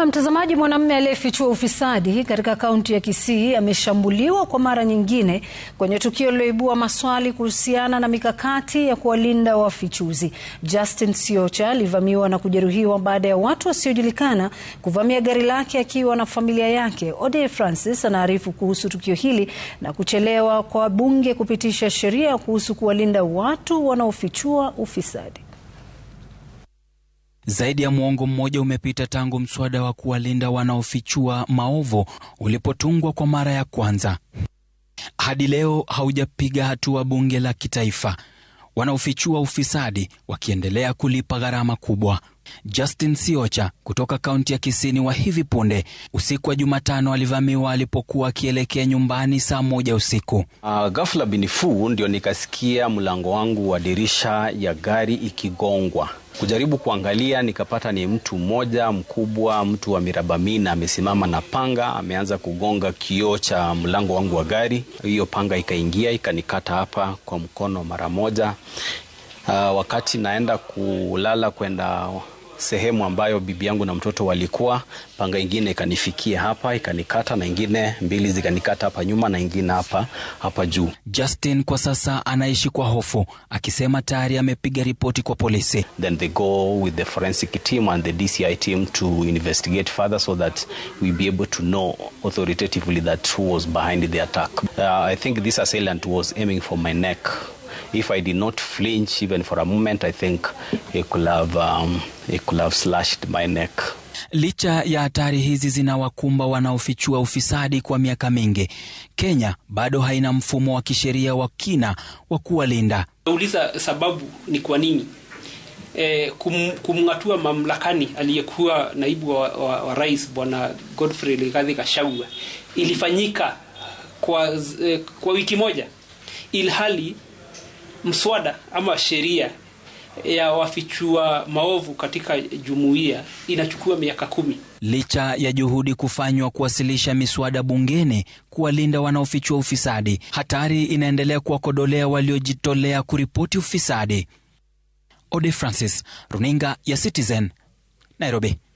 Na mtazamaji, mwanamume aliyefichua ufisadi katika kaunti ya Kisii ameshambuliwa kwa mara nyingine kwenye tukio lililoibua maswali kuhusiana na mikakati ya kuwalinda wafichuzi. Justin Siocha alivamiwa na kujeruhiwa baada ya watu wasiojulikana kuvamia gari lake akiwa na familia yake. Ode Francis anaarifu kuhusu tukio hili na kuchelewa kwa bunge kupitisha sheria kuhusu kuwalinda watu wanaofichua ufisadi. Zaidi ya muongo mmoja umepita tangu mswada wa kuwalinda wanaofichua maovu ulipotungwa kwa mara ya kwanza. Hadi leo haujapiga hatua bunge la kitaifa. Wanaofichua ufisadi wakiendelea kulipa gharama kubwa. Justin Siocha kutoka kaunti ya Kisini wa hivi punde usiku wa Jumatano alivamiwa alipokuwa akielekea nyumbani saa moja usiku. Uh, ghafla binifu ndio nikasikia mlango wangu wa dirisha ya gari ikigongwa. Kujaribu kuangalia nikapata ni mtu mmoja mkubwa, mtu wa miraba mina, amesimama na panga, ameanza kugonga kioo cha mlango wangu wa gari. Hiyo panga ikaingia ikanikata hapa kwa mkono mara moja. Uh, wakati naenda kulala kwenda sehemu ambayo bibi yangu na mtoto walikuwa, panga ingine ikanifikia hapa ikanikata, na ingine mbili zikanikata hapa nyuma na ingine hapa hapa juu. Justin kwa sasa anaishi kwa hofu, akisema tayari amepiga ripoti kwa polisi. Then they go with the forensic team and the DCI team to investigate further so that we be able to know authoritatively that who was behind the attack. Uh, I think this assailant was aiming for my neck if I did not flinch even for a moment, I think he could have, um, he could have slashed my neck. Licha ya hatari hizi zinawakumba wanaofichua ufisadi kwa miaka mingi, Kenya bado haina mfumo wa kisheria wa kina wa kuwalinda. Nauliza sababu ni kwa nini e, kum, kumng'atua mamlakani aliyekuwa naibu wa, wa, wa rais Bwana Godfrey Rigathi Gachagua ilifanyika kwa, e, kwa wiki moja ilhali mswada ama sheria ya wafichua maovu katika jumuiya inachukua miaka kumi. Licha ya juhudi kufanywa kuwasilisha miswada bungeni kuwalinda wanaofichua ufisadi, hatari inaendelea kuwakodolea waliojitolea kuripoti ufisadi. Ode Francis, runinga ya Citizen, Nairobi.